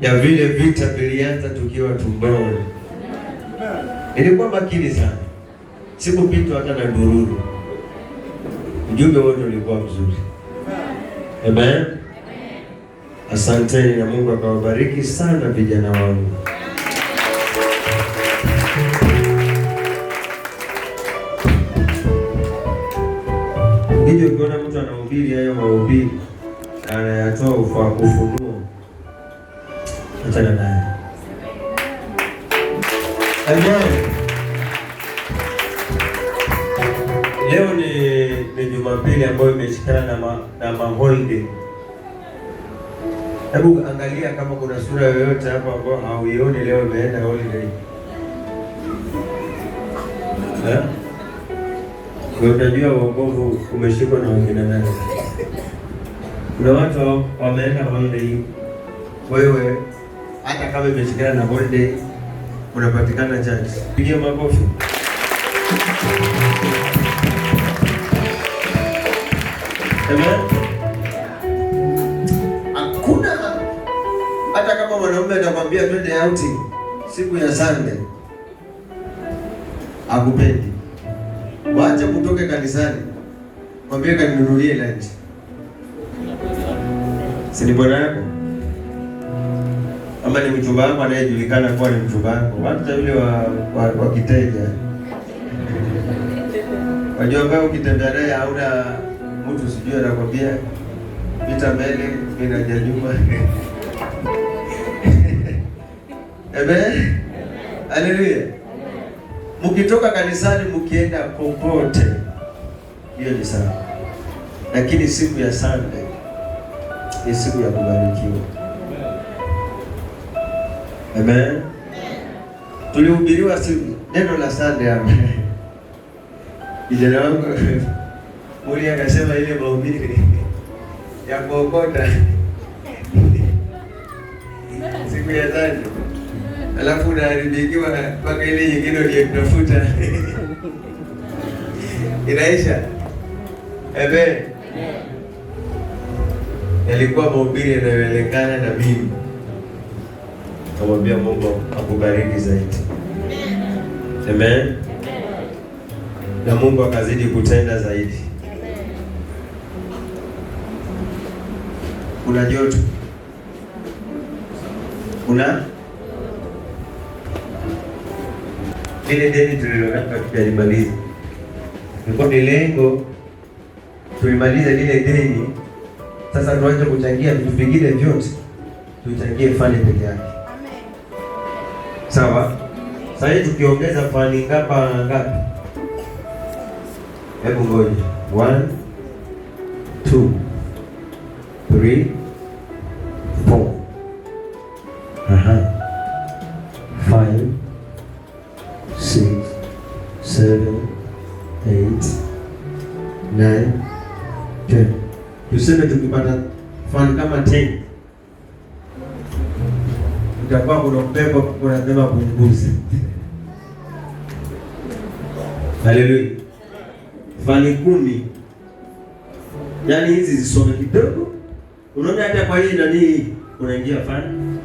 ya vile vita vilianza tukiwa tumboni. Ilikuwa makini sana, sikupitwa hata na dururu. Ujumbe wote ulikuwa mzuri. Amen, asanteni na Mungu akawabariki sana vijana wangu. Ndiyo ukiona mtu anahubiri hayo mahubiri anayatoa kufunua kukutana naye. Amen. Leo ni ni Jumapili ambayo imeshikana na ma, na maholiday. Hebu angalia kama kuna sura yoyote hapo ambayo hauioni leo imeenda holiday. Eh? Unajua wokovu umeshikwa na wengine nani? Kuna watu wameenda holiday, wewe hata kama imeshikana na holiday unapatikana chance. Pigia makofi. Amen. Hakuna hata kama mwanaume atakwambia twende outing siku ya Sunday akupendi. Wacha kutoke kanisani. Mwambie kaninunulie lunch. Si ni bwana yako? ama ni mchumba wangu anayejulikana kuwa ni mchumba wangu, hata yule wa, wa, wa kiteja wajua, mbao ukitembea naye hauna mtu sijui anakwambia pita mbele, mimi naja nyuma Amen. Haleluya. Mkitoka kanisani mkienda popote, hiyo ni sawa, lakini siku ya Sunday ni siku ya kubarikiwa. Amen. Tulihubiriwa siku neno la Sunday hapa. Kijana wangu Muri akasema ile mahubiri ya kuokota siku ya tatu, alafu unaharibikiwa mpaka ile nyingine uliyetafuta inaisha. Amen. Yalikuwa mahubiri yanayoelekana na Biblia. Kamwambia Mungu akubariki zaidi. Amen. Na Mungu akazidi kutenda zaidi. Kuna joto, kuna ile deni tulilonaka, tutalimaliza. Ilikuwa ni lengo tulimaliza lile deni, sasa tuanze kuchangia vitu vingine vyote, tuchangie fani peke yake. Sawa. Sasa hivi tukiongeza fani ngapa ngapi? Hebu ngoja. 1 2 3 4 Aha. 5 6 7 8 9 10. Tuseme tukipata fani kama 10 utakuwa kuna upepo kunasema punguza. Haleluya! fani kumi, yaani hizi zisome kidogo, unaona hata kwa hii nani unaingia fani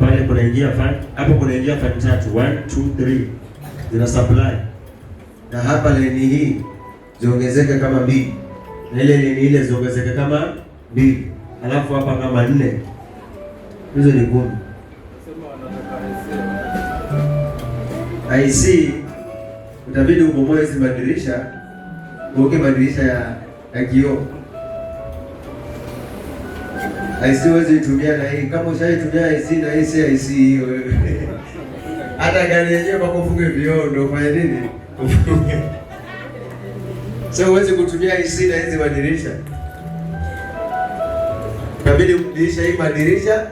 pale, kunaingia fani hapo, kunaingia fani tatu, one two three zina supply, na hapa leni hii ziongezeke kama mbili, na ile leni ile ziongezeke kama mbili, alafu hapa kama nne, hizo ni kumi. IC utabidi ubomoe hizi madirisha, uweke madirisha ya ya kioo. IC huwezi itumia na hii, kama ushaitumia IC na hii si IC hiyo. Hata gari yenyewe mpaka ufunge vioo ndio ufanye nini? So huwezi kutumia IC na hizi madirisha. utabidi kubadilisha hii madirisha.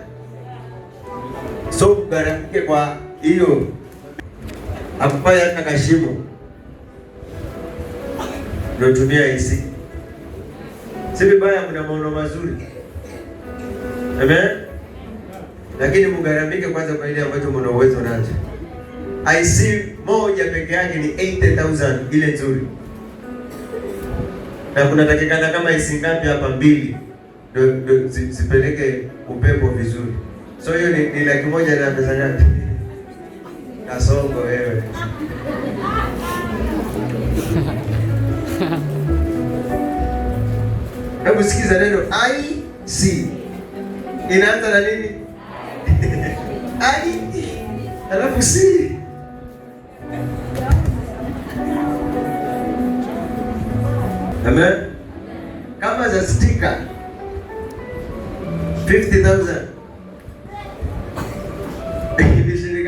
So mgaramike kwa hiyo akupaya kana shimo notumia isi si vibaya, mna maono mazuri amen, lakini mugaramike kwanza kwa ile ambacho mna uwezo nacho. IC moja peke yake ni 80000 ile nzuri, na kuna takikana kama IC ngapi hapa? Mbili ndio zipeleke upepo vizuri, so hiyo ni, ni laki moja na pesa ngapi? Kasongo wewe. Hebu sikiza neno I C. Inaanza na nini? I e. alafu C. Amen. Kama za stika 50,000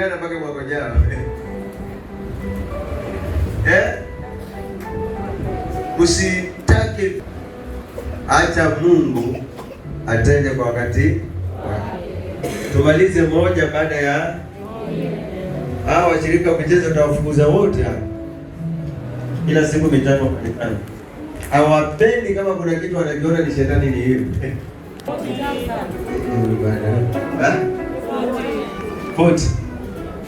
jana mpaka mwaka jana eh, msitake. Acha Mungu atende kwa wakati. Tumalize moja baada ya hao washirika kucheza, utawafukuza wote kila siku mitano mitano. hawapendi. Kama kuna kitu wanakiona ni shetani, ni hivi Poti.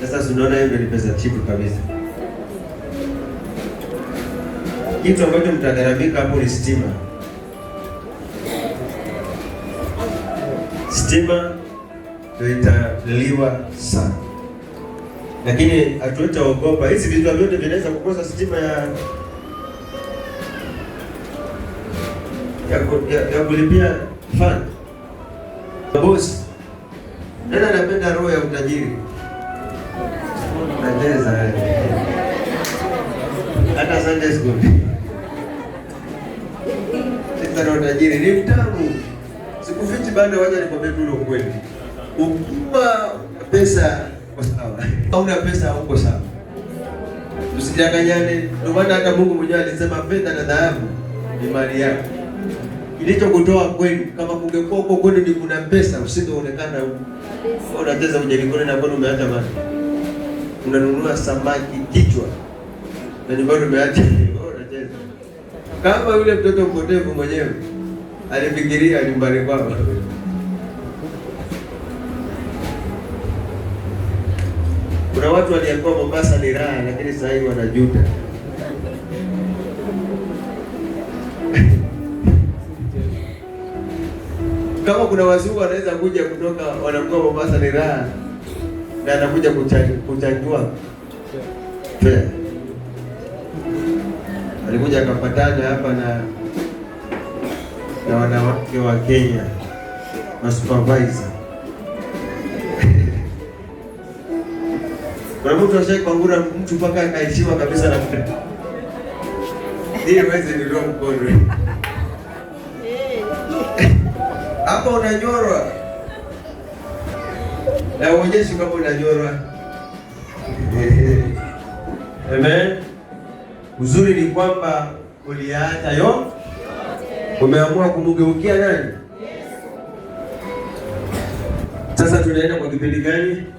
Sasa tunaona hiyo ndio representative kabisa. Kitu ambacho mtagharamika hapo ni stima. Stima ndio italiwa sana, lakini hatuitaogopa. Hizi vitu vyote vinaweza kukosa stima ya ya kulipia fan. Bosi, nani anapenda roho ya utajiri? unapendeza wewe. Hata Sunday school. Sasa ndo tajiri ni mtamu. Sikufichi bado waje nikwambie tu ukweli. Ukiwa pesa uko sawa. Hauna pesa uko sawa. Usijanganyane. Ndio maana hata Mungu mwenyewe alisema fedha na dhahabu ni mali yako. Kilichokutoa kwenu kama kungekuwa huko kwenu ni kuna pesa usingeonekana huko. Unacheza kwenye na kwenu umeacha mali unanunua samaki kichwa na nyumbani umeacha kama yule mtoto mpotevu mwenyewe alifikiria nyumbani kwamba Kuna watu waliambiwa Mombasa ni raha, lakini sasa hivi wanajuta. Kama kuna wazungu wanaweza kuja kutoka, wanakuwa Mombasa ni raha na anakuja kuchanjua fea. Alikuja akapatana hapa na na wanawake wa Kenya masupervisor. Kuna mtu ashakwangura mtu mpaka akaishiwa kabisa na mtu hii wezi nilio mkono hapa unanyorwa na uonyeshe kama unanyora. Amen. Uzuri ni kwamba uliacha yo, umeamua kumgeukia nani? Sasa tunaenda kwa kipindi gani?